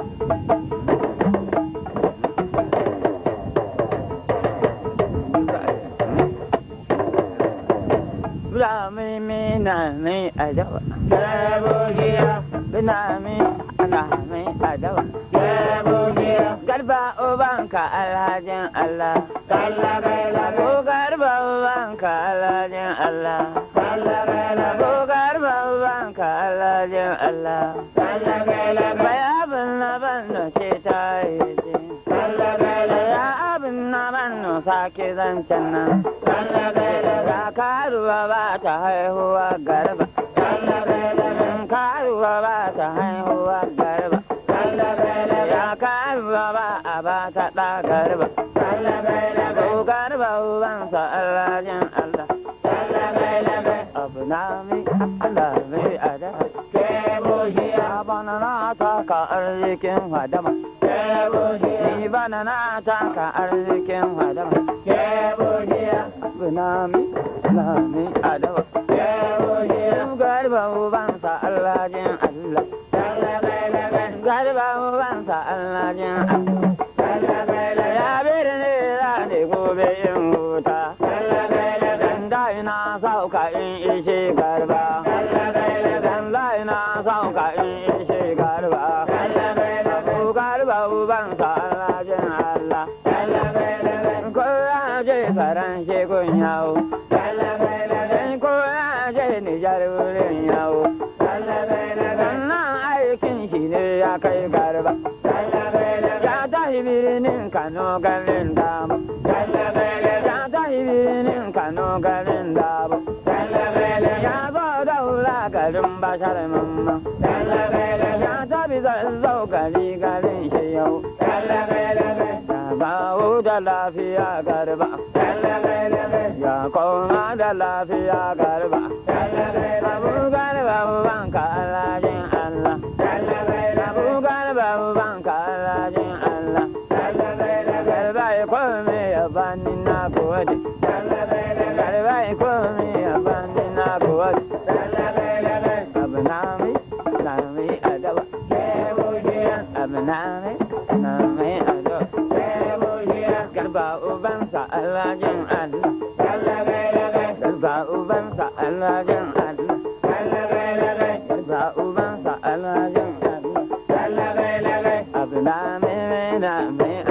Binami minami adawa. Garbogiya. Binami anami adawa. Garbogiya. Garba alhajin Allah. Kalla kaila. Ko oh, garba alhajin Allah. Kalla kaila. Ko oh, garba alhajin Allah. Kalla kaila. shaidi ya abin na ban sake zancen nan ga karuwa ba ta haihuwa garba karuwa ba ta haihuwa garba ya karuwa ba a ba ta ɗa garba ko garba ubansa alrajin Allah abu na mi Allah mi a da ke boshi abanana ta ka arzikin hadama Ni bana na taka arzikin hadaba. Binami, binami adaba. Garba ubansa Allah jin Allah. Garba ubansa Allah jin Allah. Ya birni ya ne gobe yin wuta. Da ina sauka in ishe faran shi kun yawo. ko koya shi Nijar wurin yawo. Sannan aikin shi ne ya kai garba. Ya tashi birnin Kano gamin dama. Ya tashi birnin Kano gamin dama. Ya zo daura garin bashar mamma. Ya tabi zazzau gari garin shi yau. da lafiya garba. Ya koma da lafiya garba. Abu garba ban ka alajin Allah. Abu garba ban ka alajin Allah. Garba ya komi ya bani na gode. Garba ya komi ya bani na gode. Abu nami, nami adaba. Abu nami, nami adaba. Dalba ubansa alhajin Allah. Dalba ubansa alhajin Allah. Dalba ubansa alhajin Allah. Abu na mai na mai